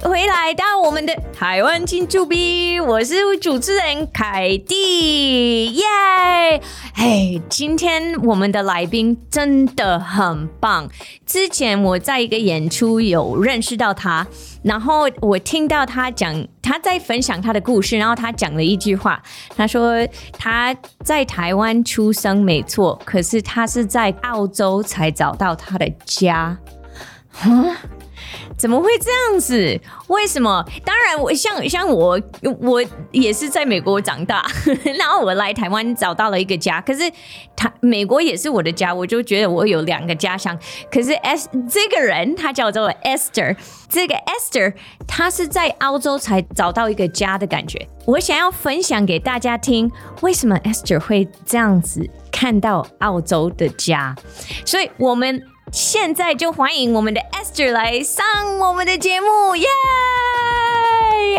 回來到我們的台灣金主 B，我是主持人凱蒂，耶！哎，今天我們的來賓真的很棒。之前我在一個演出有認識到他，然後我聽到他講，他在分享他的故事，然後他講了一句話，他說他在台灣出生沒錯，可是他是在澳洲才找到他的家。嗯怎麼會這樣子？為什麼？當然我，我像像我，我也是在美國長大，然後我來台灣找到了一個家。可是，他，美國也是我的家，我就覺得我有兩個家鄉。可是 Esther 這個人，他叫做 Esther，這個 Esther，他是在澳洲才找到一個家的感覺。我想要分享給大家聽，為什麼 Esther 會這樣子看到澳洲的家？所以我們。現在就歡迎我們的 Esther 來上我們的節目，耶、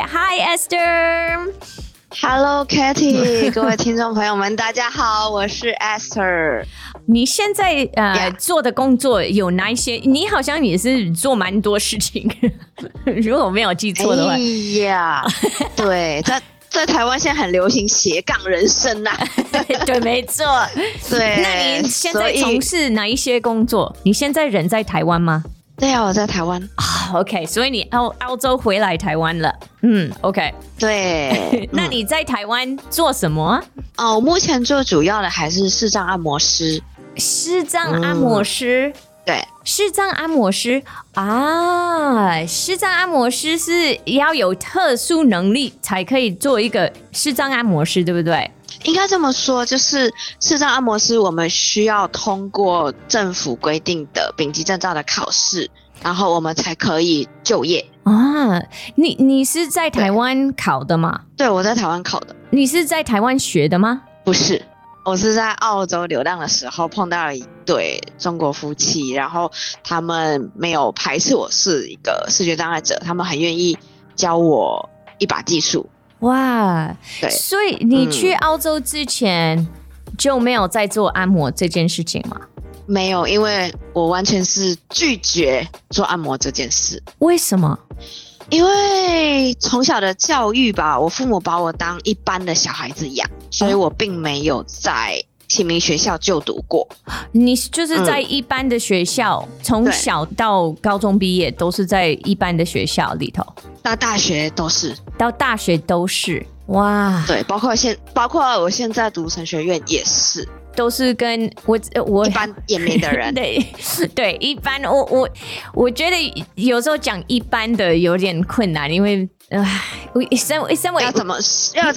yeah!！Hi Esther，Hello Katie。 各位聽眾朋友們，大家好，我是 Esther。你現在呃、yeah. 做的工作有哪一些？你好像也是做蠻多事情， 如果沒有記錯的話，哎呀、對，他。 在台灣現在很流行斜槓人生吶、啊， 對，沒錯， 對。那你現在從事哪一些工作？你現在人在台灣嗎？對啊，我在台灣，oh, OK，所以你澳澳洲回來台灣了？嗯，OK，對。 那你在台灣做什麼？哦、嗯，oh, 目前做主要的還是視障按摩師。視障按摩師。嗯視障按摩師啊，視障按摩師是要有特殊能力才可以做一個視障按摩師，對不對？應該這麼說，就是視障按摩師，我們需要通過政府規定的丙級證照的考試，然後我們才可以就業啊。你你是在台灣考的嗎？對。對，我在台灣考的。你是在台灣學的嗎？不是。我是在澳洲流浪的時候碰到了一對中國夫妻，然後他們沒有排斥我是一個視覺障礙者，他們很願意教我一把技術。哇，對，所以你去澳洲之前就沒有在做按摩這件事情嗎？嗯，沒有，因為我完全是拒絕做按摩這件事。為什麼？因為從小的教育吧，我父母把我當一般的小孩子養，所以我並沒有在啟明學校就讀過，嗯。你就是在一般的學校，從、嗯、小到高中畢業都是在一般的學校裡頭，到大學都是，到大學都是。哇，對，包括現包括我現在讀神學院也是。都是跟我我一般年齡的人，對 對，一般我我我覺得有時候講一般的有點困難，因為。唉、呃，我醫生，我要怎麼要怎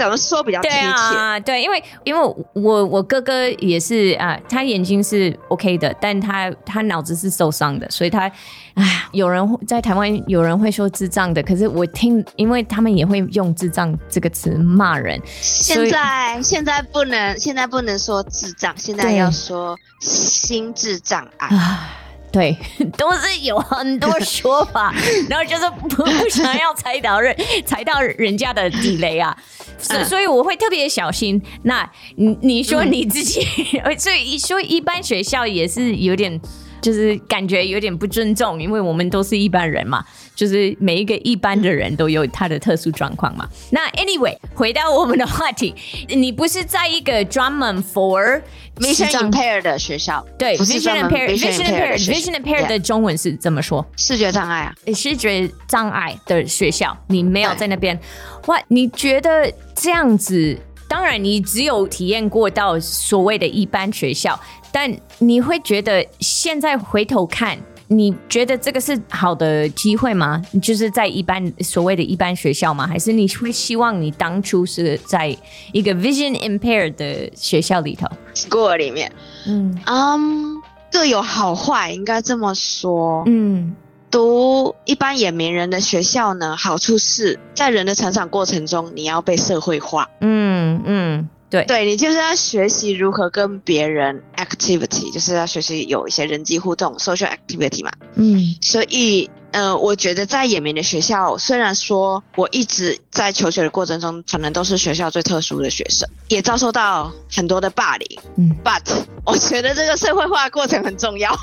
麼說比較貼切，嗯、啊？對，因為因為我我哥哥也是啊、呃，他眼睛是 OK 的，但他他腦子是受傷的，所以他唉，有人在台灣有人會說智障的，可是我聽，因為他們也會用“智障”這個詞罵人。現在現在不能現在不能說智障，現在要說心智障礙。對，都是有很多說法， 然後就是不，不想要踩到人，踩 到人家的地雷啊，所、嗯、所以我會特別小心。那，你你說你自己，嗯、 所以說一般學校也是有點，就是感覺有點不尊重，因為我們都是一般人嘛。就是每一個一般的人都有他的特殊狀況嘛。嗯。那 anyway 回到我們的話題，你不是在一個專門 for vision impair 的學校？對，vision impair vision impaired vision impair 的，的中文是怎麼說？視覺障礙啊，視覺障礙的學校，你沒有在那邊。哇，你覺得這樣子？當然，你只有體驗過到所謂的一般學校，但你會覺得現在回頭看。你覺得這個是好的機會嗎？就是在一般所謂的一般學校嗎？還是你會希望你當初是在一個 vision impaired 的學校裡頭 school 裡面？嗯，嗯，各有好壞，應該這麼說。嗯，讀一般眼明人的學校呢，好處是在人的成長過程中，你要被社會化。嗯嗯。對對，你就是要學習如何跟別人 activity，就是要學習有一些人際互動，social activity 嘛。嗯，所以。呃，我覺得在野明的學校，雖然說我一直在求學的過程中，可能都是學校最特殊的學生，也遭受到很多的霸凌。嗯，But 我覺得這個社會化過程很重要。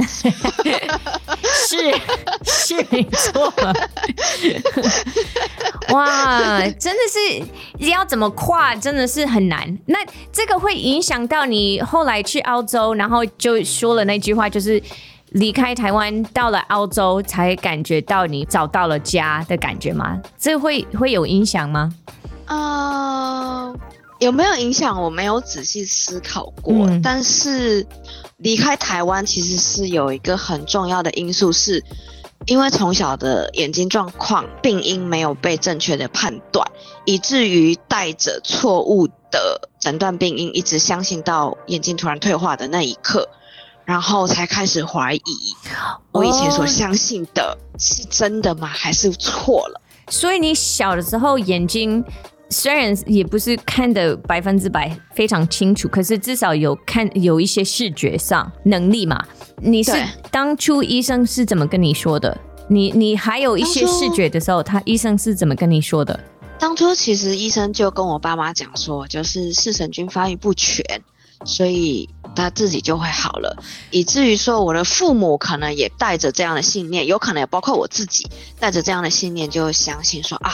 是，是沒錯。你說了 哇，真的是要怎麼跨，真的是很難。那這個會影響到你後來去澳洲，然後就說了那句話，就是。離開台灣到了澳洲，才感覺到你找到了家的感覺嗎？這會會有影響嗎？呃，有沒有影響？我沒有仔細思考過。嗯，但是離開台灣其實是有一個很重要的因素，是因為從小的眼睛狀況病因沒有被正確的判斷，以至於帶着錯誤的診斷病因，一直相信到眼睛突然退化的那一刻。然後才開始懷疑，我以前所相信的是真的嗎？Oh, 還是錯了？所以你小的時候眼睛雖然也不是看得百分之百非常清楚，可是至少有看有一些視覺上能力嘛。你是當初醫生是怎麼跟你說的？你你還有一些視覺的時候，他醫生是怎麼跟你說的？當初其實醫生就跟我爸媽講說，就是視神經發育不全。所以他自己就會好了，以至於說我的父母可能也帶着這樣的信念，有可能也包括我自己帶着這樣的信念，就相信說啊，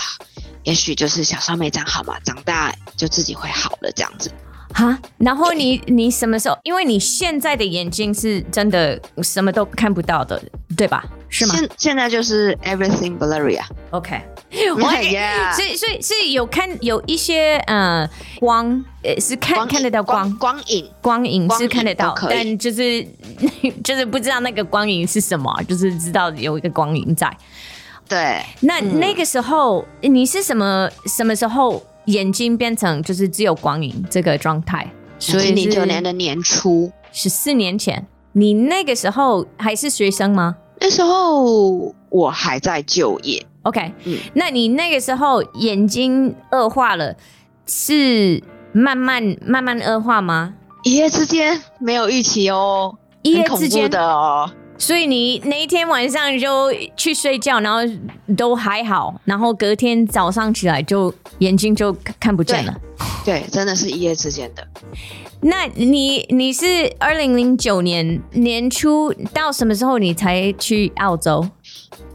也許就是小時候沒長好嘛，長大就自己會好了這樣子。哈，然後你你什麼時候？因為你現在的眼睛，是真的什麼都看不到的，對吧？是嗎？現現在就是 everything blurry 啊。OK, okay, yeah. 所以所以是有看有一些嗯，呃，光，呃是看光，看得到光，光，光影，光影是看得到，但就是就是不知道那個光影是什麼，就是知道有一個光影在。對，那那個時候，嗯，你是什麼什麼時候？眼睛變成就是只有光影這個狀態，所以你零九年的年初，十四年前。你那個時候還是學生嗎？那時候我還在就業。OK，嗯，那你那個時候眼睛惡化了，是慢慢慢慢惡化嗎？一夜之間沒有預期哦，一夜之間的哦。所以你那一天晚上就去睡覺，然後都還好，然後隔天早上起來就眼睛就看不見了。對，對，真的是一夜之間的。 那你你是二零零九年年初到什麼時候你才去澳洲？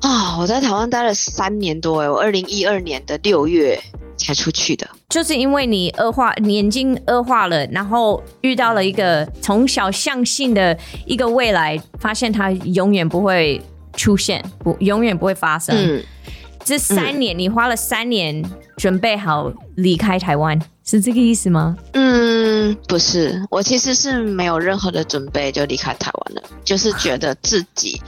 啊、哦，我在台灣待了三年多誒，我二零一二年的六月。才出去的，就是因為你惡化，你眼睛惡化了，然後遇到了一個從小相信的一個未來，發現它永遠不會出現，不，永遠不會發生。嗯，這三年，嗯，你花了三年準備好離開台灣，是這個意思嗎？嗯，不是，我其實是沒有任何的準備就離開台灣了，就是覺得自己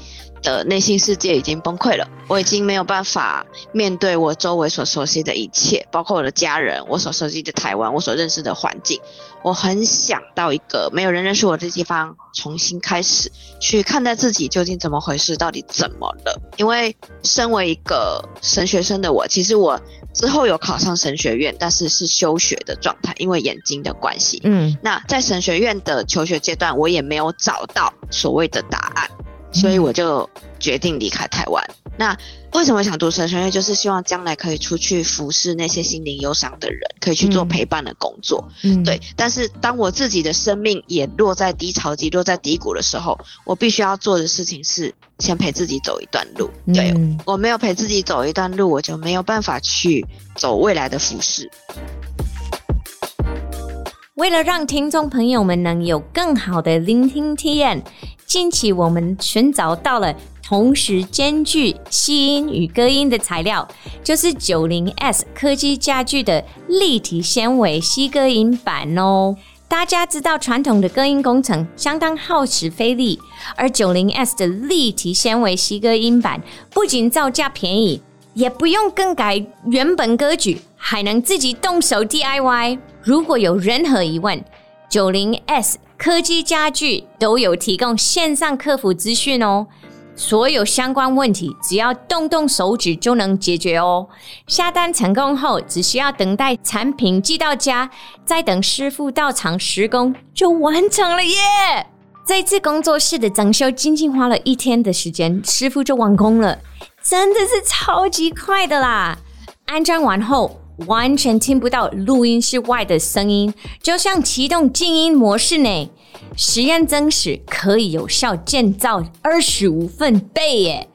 的內心世界已經崩潰了，我已經沒有辦法面對我周圍所熟悉的一切，包括我的家人、我所熟悉的台灣、我所認識的環境。我很想到一個沒有人認識我的地方重新開始，去看待自己究竟怎麼回事，到底怎麼了？因為身為一個神學生的我，其實我之後有考上神學院，但是是休學的狀態，因為眼睛的關係。嗯，那在神學院的求學階段，我也沒有找到所謂的答案。所以我就決定離開台灣、嗯。那為什麼想讀神學院？就是希望將來可以出去服侍那些心靈憂傷的人，可以去做陪伴的工作、嗯。對。但是當我自己的生命也落在低潮期，落在低谷的時候，我必須要做的事情是先陪自己走一段路。嗯、對，我沒有陪自己走一段路，我就沒有辦法去走未來的服侍。為了讓聽眾朋友們能有更好的聆聽體驗，近期我們尋找到了同時兼具吸音與隔音的材料，就是九零 S 科技家具的立體纖維吸隔音板哦。大家知道傳統的隔音工程相當耗時費力，而九零 S 的立體纖維吸隔音板不僅造價便宜，也不用更改原本格局，還能自己動手 DIY。如果有任何疑問，90s 科技家具都有提供線上客服資訊哦。所有相關問題，只要動動手指就能解決哦。下單成功後，只需要等待產品寄到家，再等師傅到場施工就完成了耶。Yeah! 這次工作室的整修僅僅花了一天的時間，師傅就完工了，真的是超級快的啦！安裝完後。完全聽不到錄音室外的聲音，就像啟動靜音模式呢。實驗證實可以有效降噪二十五分貝耶，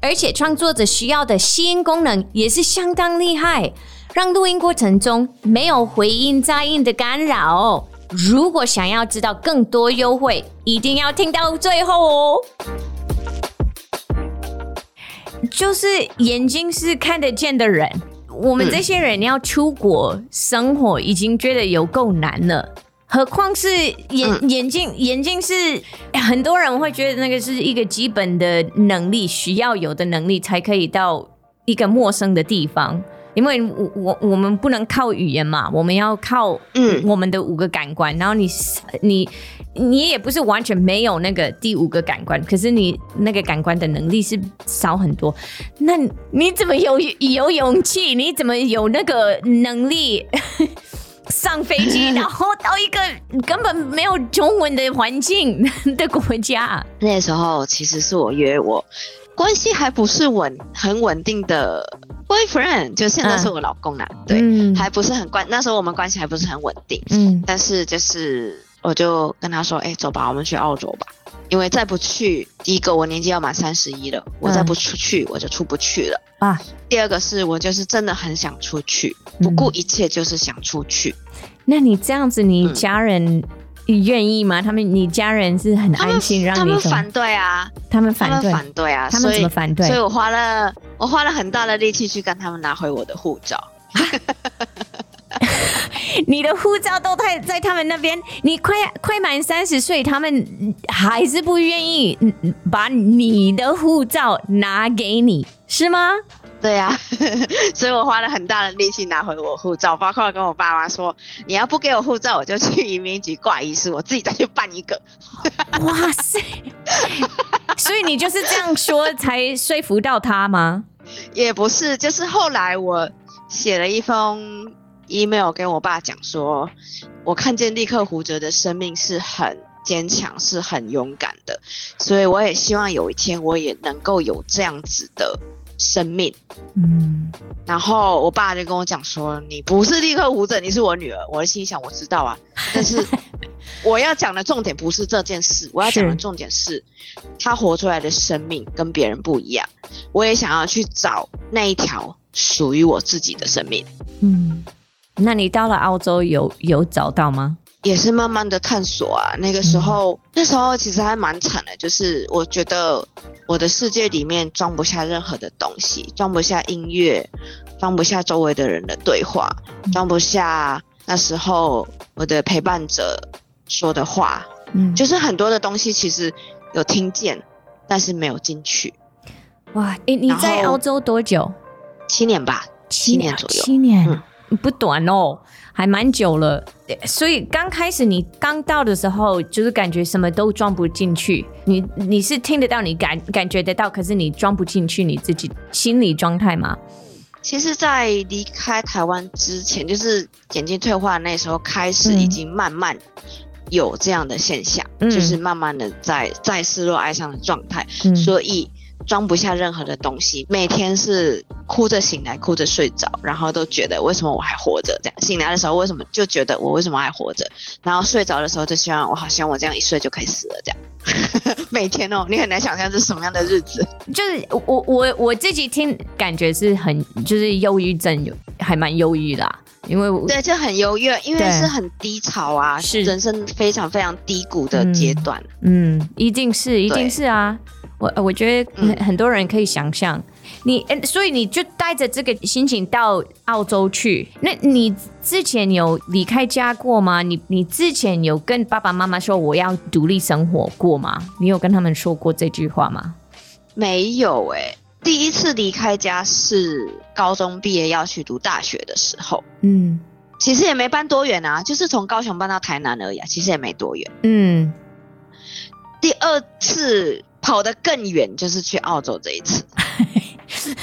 而且創作者需要的吸音功能也是相當厲害，讓錄音過程中沒有回音、雜音的干擾哦。如果想要知道更多優惠，一定要聽到最後哦。就是眼睛是看得見的人。我們這些人，要出國、嗯、生活，已經覺得有夠難了，何況是眼、嗯、眼睛，眼睛是很多人會覺得那個是一個基本的能力，需要有的能力才可以到一個陌生的地方。因為我我我們不能靠語言嘛，我們要靠嗯我們的五個感官。嗯、然後你你你也不是完全沒有那個第五個感官，可是你那個感官的能力是少很多。那你怎麼有有勇氣？你怎麼有那個能力 上飛機，然後到一個根本沒有中文的環境的國家？那時候其實是我約我，關係還不是穩很穩定的。Boyfriend，就現在是我老公了、啊，對、嗯，還不是很關。那時候我們關係還不是很穩定，嗯，但是就是我就跟他說，哎、欸，走吧，我們去澳洲吧。因為再不去，第一個我年紀要滿三十一了、嗯，我再不出去我就出不去了啊。第二個是我就是真的很想出去，不顧一切就是想出去。嗯、那你這樣子，你家人、嗯？你願意嗎？他們，你家人是很安心讓你走？他們反對啊，他們反對，反對啊。他們怎麼反對？所以，所以我花了，我花了很大的力氣去跟他們拿回我的護照。 你的護照都在在他們那邊，你快快滿三十歲，他們還是不願意把你的護照拿給你，是嗎？對呀、啊，所以我花了很大的力氣拿回我護照，包括跟我爸媽說：“你要不給我護照，我就去移民局掛遺書，我自己再去辦一個。”哇塞！ 所以你就是這樣說才說服到他嗎？也不是，就是後來我寫了一封 email 跟我爸講說，我看見力克胡哲的生命是很堅強、是很勇敢的，所以我也希望有一天我也能夠有這樣子的，生命，嗯，然後我爸就跟我講說：“你不是力克胡哲，你是我女兒。”我的心想我知道啊，但是我要講的重點不是這件事， 我要講的重點是，是，他活出來的生命跟別人不一樣。我也想要去找那一條屬於我自己的生命，嗯，那你到了澳洲有有找到嗎？也是慢慢的探索啊，那個時候，嗯、那時候其實還蠻慘的，就是我覺得我的世界裡面裝不下任何的東西，裝不下音樂，裝不下周圍的人的對話，裝、嗯、不下那時候我的陪伴者說的話，嗯，就是很多的東西其實有聽見，但是沒有進去。哇，你、欸、你在澳洲多久？七年吧，七年，七年左右，七年，嗯，不短哦。還蠻久了，所以剛開始你剛到的時候，就是感覺什麼都裝不進去。你你是聽得到，你感感覺得到，可是你裝不進去你自己心理狀態嗎？其實，在離開台灣之前，就是眼睛退化那時候開始，已經慢慢有這樣的現象，嗯、就是慢慢的在在失落、哀傷的狀態，嗯。所以。裝不下任何的東西，每天是哭着醒來，哭着睡着，然後都覺得為什麼我還活着？這樣醒來的時候，為什麼就覺得我為什麼還活着？然後睡着的時候，就希望我好希望我這樣一睡就可以死了。這樣 每天哦、喔，你很難想象這是什麼樣的日子。就是我我我自己聽感覺是很就是憂鬱症，還蠻憂鬱的啊，因為我對就很憂鬱，因為是很低潮啊，是人生非常非常低谷的階段。嗯，嗯，一定是，一定是啊。我我覺得很多人可以想象、嗯、你，所以你就帶着這個心情到澳洲去。那你之前有離開家過嗎？你你之前有跟爸爸媽媽說我要獨立生活過嗎？你有跟他們說過這句話嗎？沒有誒、欸，第一次離開家是高中畢業要去讀大學的時候。嗯，其實也沒搬多遠啊，就是從高雄搬到台南而已，啊，其實也沒多遠。嗯，第二次。跑得更遠就是去澳洲這一次，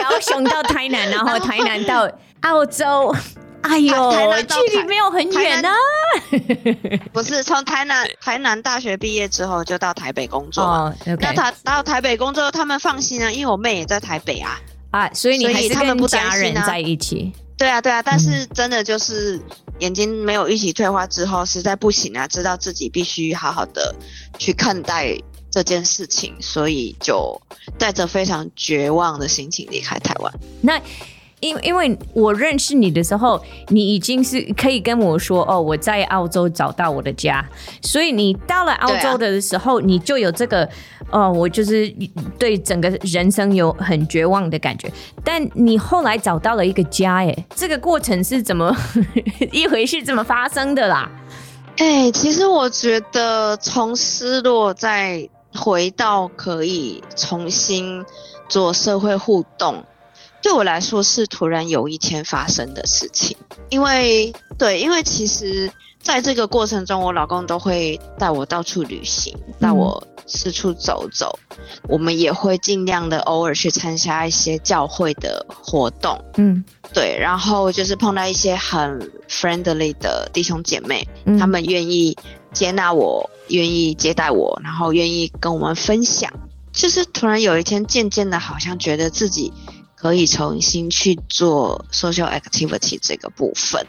高雄到台南，然後台南到澳洲， 哎呦，台，台南台距離沒有很遠啊， 不是從台南台南大學畢業之後就到台北工作，到、oh, 台、okay. 到台北工作，他們放心啊，因為我妹也在台北啊，oh, okay. 啊, 啊，所以所以你還是跟家人在一起， 對啊對啊，對啊、嗯，但是真的就是眼睛沒有預期退化之後，實在不行啊，知道自己必須好好的去看待這件事情，所以就帶着非常絕望的心情離開台灣。那，因為因為我認識你的時候，你已經是可以跟我說哦，我在澳洲找到我的家。所以你到了澳洲的時候、啊，你就有這個，哦，我就是對整個人生有很絕望的感覺。但你後來找到了一個家，哎，這個過程是怎麼呵呵一回事？怎麼發生的啦？哎、欸，其實我覺得從失落在回到可以重新做社會互動，對我來說是突然有一天發生的事情。因為，對，因為其實。在這個過程中，我老公都會帶我到處旅行，帶我四處走走。嗯、我們也會盡量的偶爾去參加一些教會的活動，嗯，對。然後就是碰到一些很 friendly 的弟兄姐妹，嗯、他們願意接納我，願意接待我，然後願意跟我們分享。就是突然有一天，漸漸的，好像覺得自己可以重新去做 social activity 這個部分。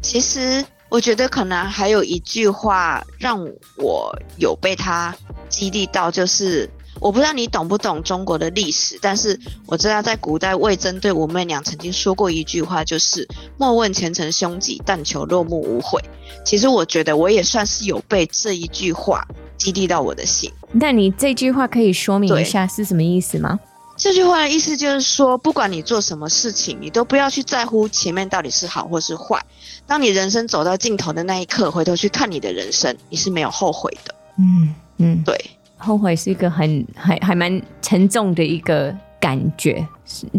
其實。我覺得可能還有一句話讓我有被他激勵到，就是我不知道你懂不懂中國的歷史，但是我知道在古代魏徵對武媚娘曾經說過一句話，就是“莫問前程凶吉，但求落幕無悔”。其實我覺得我也算是有被這一句話激勵到我的心。那你這句話可以說明一下是什麼意思嗎？這句話的意思就是說，不管你做什麼事情，你都不要去在乎前面到底是好或是壞。當你人生走到盡頭的那一刻，回頭去看你的人生，你是沒有後悔的。嗯嗯，對，後悔是一個很、還、還蠻沉重的一個感覺。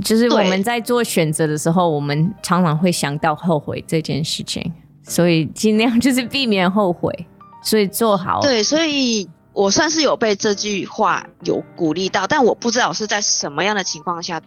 就是我們在做選擇的時候，我們常常會想到後悔這件事情，所以盡量就是避免後悔，所以做好。對，所以。我算是有被這句話有鼓勵到，但我不知道是在什麼樣的情況下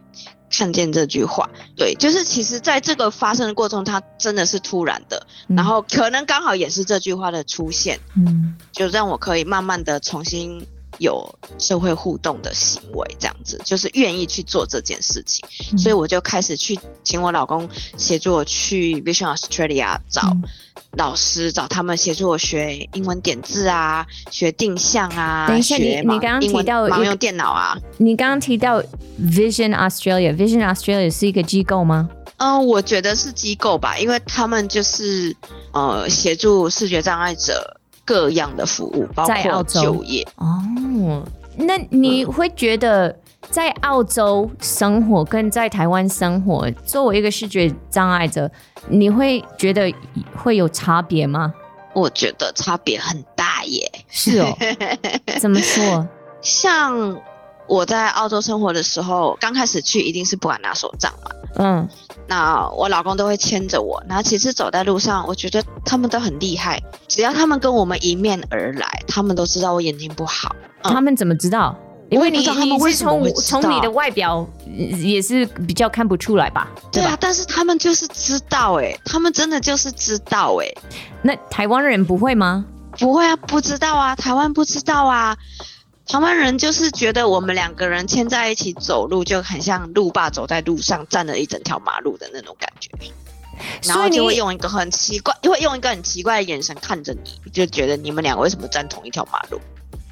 看見這句話。對，就是其實在這個發生的過程，它真的是突然的，然後可能剛好也是這句話的出現，嗯，就讓我可以慢慢的重新。有社會互動的行為，這樣子就是願意去做這件事情，嗯、所以我就開始去請我老公協助我去 Vision Australia 找老師、嗯，找他們協助我學英文點字啊，學定向啊。等一下，你你剛剛提到不用電腦啊，你剛剛提到 Vision Australia，Vision Australia 是一個機構嗎？嗯，我覺得是機構吧，因為他們就是呃協助視覺障礙者。各樣的服務，包括在澳洲就業。哦，那你會覺得在澳洲生活跟在台灣生活，作為一個視覺障礙者，你會覺得會有差別嗎？我覺得差別很大耶。是哦， 怎麼說？像。我在澳洲生活的時候，剛開始去一定是不敢拿手杖嘛。嗯，那我老公都會牽着我。然後其實走在路上，我覺得他們都很厲害。只要他們跟我們迎面而來，他們都知道我眼睛不好。嗯、他們怎麼知道？因為我你你，知道他們會你是從從你的外表、呃、也是比較看不出來吧？對啊，對但是他們就是知道誒、欸，他們真的就是知道誒、欸，那台灣人不會嗎？不會啊，不知道啊，台灣不知道啊。台灣人就是覺得我們兩個人牽在一起走路，就很像路霸走在路上占了一整條馬路的那種感覺，然後就會用一個很奇怪，會用一個很奇怪的眼神看着你，就覺得你們兩個為什麼站同一條馬路？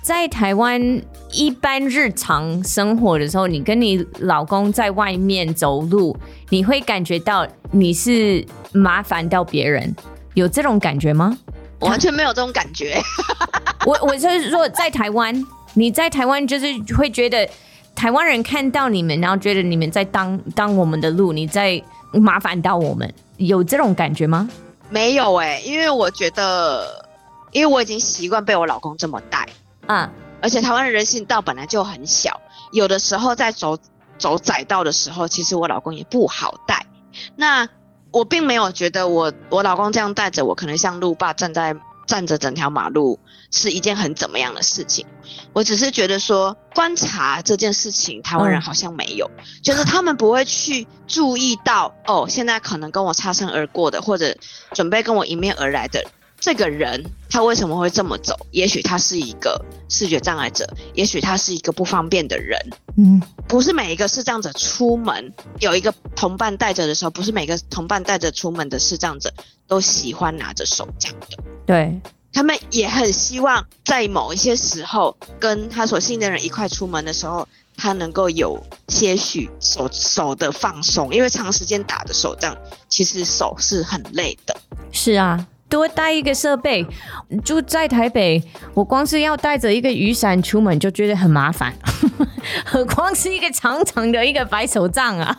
在台灣一般日常生活的時候，你跟你老公在外面走路，你會感覺到你是麻煩到別人，有這種感覺嗎？我完全沒有這種感覺， 我我就是說在台灣。 你在台灣就是會覺得台灣人看到你們，然後覺得你們在擋擋我們的路，你在麻煩到我們，有這種感覺嗎？沒有誒、欸，因為我覺得，因為我已經習慣被我老公這麼帶嗯、啊，而且台灣的人行道本來就很小，有的時候在走走窄道的時候，其實我老公也不好帶。那我並沒有覺得我我老公這樣帶着我，可能像路霸站在站着整條馬路。是一件很怎麼樣的事情？我只是覺得說，觀察這件事情，台灣人好像沒有，就、嗯、是他們不會去注意到，哦，現在可能跟我擦身而過的，或者準備跟我迎面而來的這個人，他為什麼會這麼走？也許他是一個視覺障礙者，也許他是一個不方便的人。嗯，不是每一個視障者出門，有一個同伴帶着的時候，不是每個同伴帶着出門的視障者都喜歡拿着手杖的。對。他們也很希望，在某一些時候跟他所信的人一塊出門的時候，他能夠有些許手手的放鬆，因為長時間打着手杖，其實手是很累的。是啊。多帶一個設備，住在台北，我光是要帶着一個雨傘出門就覺得很麻煩，何 況是一個長長的一個白手杖啊。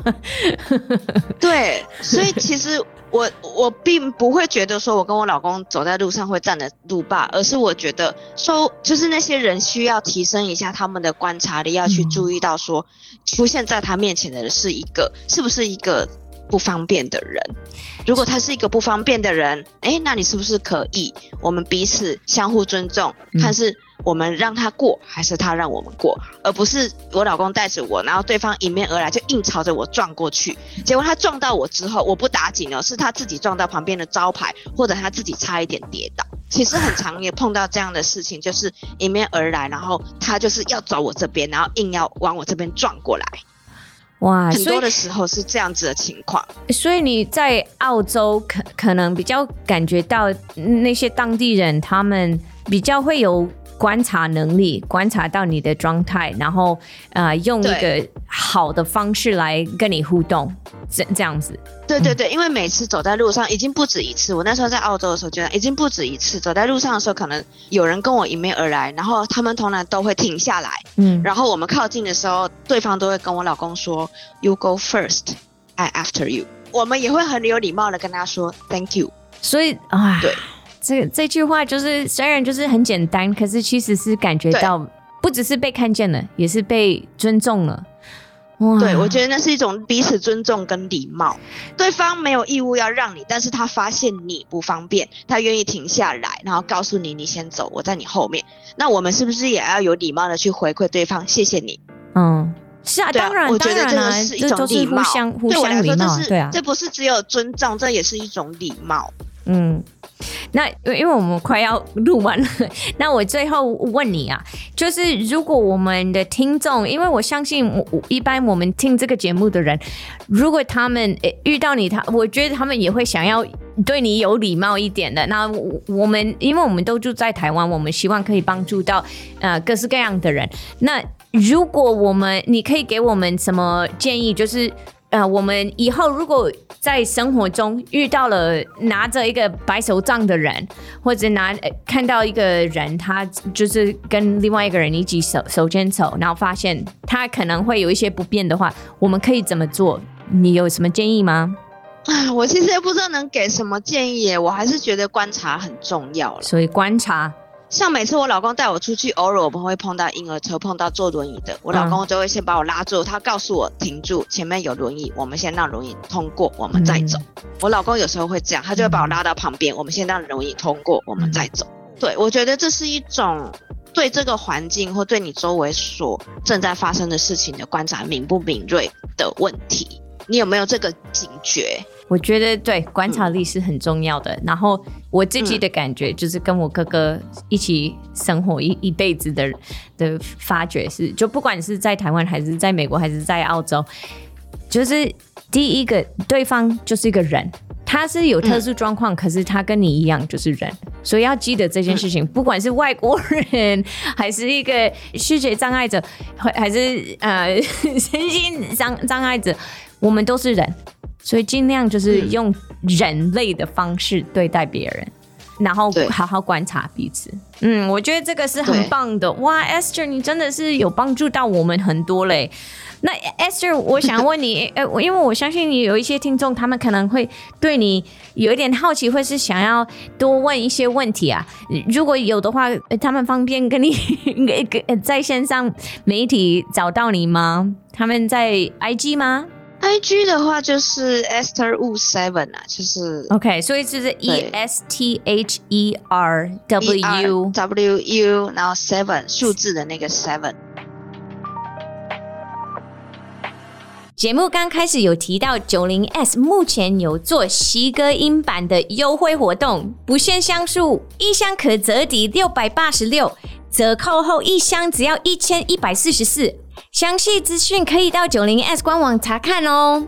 對，所以其實我我並不會覺得說，我跟我老公走在路上會站的路霸，而是我覺得說，就是那些人需要提升一下他們的觀察力，要去注意到說，出現在他面前的是一個是不是一個。不方便的人，如果他是一個不方便的人，誒，那你是不是可以？我們彼此相互尊重，看是我們讓他過，還是他讓我們過，而不是我老公帶着我，然後對方迎面而來就硬朝着我撞過去。結果他撞到我之後，我不打緊哦，是他自己撞到旁邊的招牌，或者他自己差一點跌倒。其實很常也碰到這樣的事情，就是迎面而來，然後他就是要走我這邊，然後硬要往我這邊撞過來。哇，很多的時候是這樣子的情況，所以你在澳洲可可能比較感覺到那些當地人，他們比較會有觀察能力，觀察到你的狀態，然後呃，用一個好的方式來跟你互動，這這樣子。對對對、嗯，因為每次走在路上，已經不止一次。我那時候在澳洲的時候，就已經不止一次走在路上的時候，可能有人跟我迎面而來，然後他們通常都會停下來。嗯。然後我們靠近的時候，對方都會跟我老公說：“You go first, I after you。”我們也會很有禮貌的跟他說：“Thank you。”所以，唉對。這這句話就是，雖然就是很簡單，可是其實是感覺到不只是被看見了，也是被尊重了。哇，對，我覺得那是一種彼此尊重跟禮貌。對方沒有義務要讓你，但是他發現你不方便，他願意停下來，然後告訴你，你先走，我在你後面。那我們是不是也要有禮貌的去回饋對方？謝謝你。嗯，是啊，當然，對啊，我覺得這就是一種禮貌，互相互相禮貌，我來說這，這對啊，這不是只有尊重，這也是一種禮貌。嗯。那因為，我們快要錄完了，那我最後問你啊，就是如果我們的聽眾，因為我相信我，一般我們聽這個節目的人，如果他們、欸、遇到你，他我覺得他們也會想要對你有禮貌一點的。那我們，因為我們都住在台灣，我們希望可以幫助到呃各式各樣的人。那如果我們，你可以給我們什麼建議？就是。呃，我們以後如果在生活中遇到了拿着一個白手杖的人，或者拿、呃、看到一個人，他就是跟另外一個人一起手手牽手，然後發現他可能會有一些不便的話，我們可以怎麼做？你有什麼建議嗎？啊，我其實不知道能給什麼建議耶，我還是覺得觀察很重要。所以觀察。像每次我老公帶我出去，偶爾我們會碰到嬰兒車，碰到坐輪椅的，我老公就會先把我拉住、嗯，他告訴我停住，前面有輪椅，我們先讓輪椅通過，我們再走、嗯。我老公有時候會這樣，他就會把我拉到旁邊、嗯，我們先讓輪椅通過，我們再走。嗯、對，我覺得這是一種對這個環境或對你周圍所正在發生的事情的觀察敏不敏銳的問題，你有沒有這個警覺？我覺得對觀察力是很重要的，嗯、然後。我自己的感覺、嗯、就是跟我哥哥一起生活一一輩子的的發掘是，就不管是在台灣還是在美國還是在澳洲，就是第一個對方就是一個人，他是有特殊狀況、嗯，可是他跟你一樣就是人，所以要記得這件事情，不管是外國人還是一個視覺障礙者，還還是呃身心障障礙者，我們都是人。所以盡量就是用人類的方式對待別人，嗯，然後好好觀察彼此。嗯，我覺得這個是很棒的。哇，Esther，你真的是有幫助到我們很多嘞。 那 Esther，我想問你，呃，因為我相信有一些聽眾， 他們可能會對你有一點好奇，或是想要多問一些問題啊。如果有的話，呃，他們方便跟你給 在線上媒體找到你嗎？他們在 IG 嗎？IG 的話就是 Esther Wu Seven 啊，就是 OK，所以就是 E S T H E R W，E R W U，然後 Seven 數字的那個 Seven okay, so E，E，seven, seven. 節目剛開始有提到，九零 S 目前有做吸隔音板的優惠活動，不限箱數，一箱可折抵六百八十六，折扣後一箱只要一千一百四十四。詳細資訊可以到 90s 官網查看哦。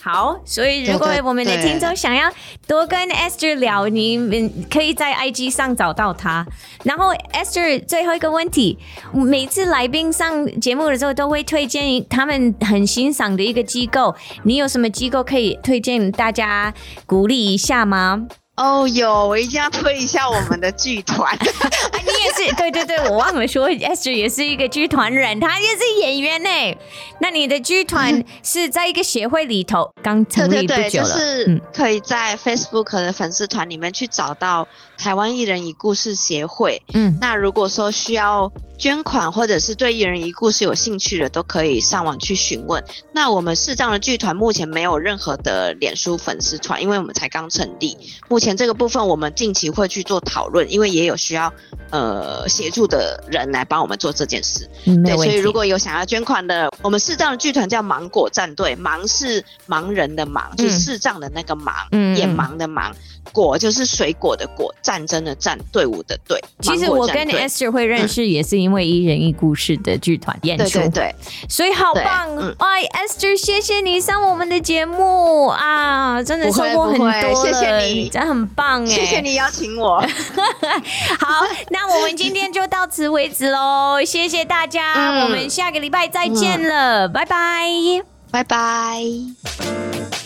好，所以如果我們的聽眾想要多跟 Esther 聊，你們可以在 IG 上找到她。然後 Esther 最後一個問題，每次來賓上節目的時候都會推薦他們很欣賞的一個機構，你有什麼機構可以推薦大家鼓勵一下嗎？哦，有，我一定要推一下我們的劇團。 你也是，對對對，我忘了說 Esther 也是一個劇團人，他也是演員呢、欸。那你的劇團是在一個協會裡頭剛、嗯、成立的，對，對，對，就是可以在 Facebook 的粉絲團裡面去找到台灣一人一故事協會。嗯，那如果說需要捐款或者是對一人一故事有興趣的，都可以上網去詢問。那我們視障的劇團目前沒有任何的臉書粉絲團，因為我們才剛成立。目前這個部分，我們近期會去做討論，因為也有需要呃協助的人來幫我們做這件事。嗯對，所以如果有想要捐款的，我們視障的劇團叫芒果戰隊，芒是盲人的盲，嗯、就是視障的那個盲，眼、嗯、盲的盲、嗯，果就是水果的果，戰爭的戰，隊伍的隊。其實我跟你 Esther 會認識，嗯、也是因為一人一故事的劇團演出。對，對，對，對，所以好棒哇、嗯哎、！Esther，謝謝你上我們的節目啊，真的收穫很多，不會不會，謝謝你。你很棒欸，謝謝你邀請我。 好，那我們今天就到此為止嘍，謝謝大家，嗯，我們下個禮拜再見了，嗯，拜拜，拜拜。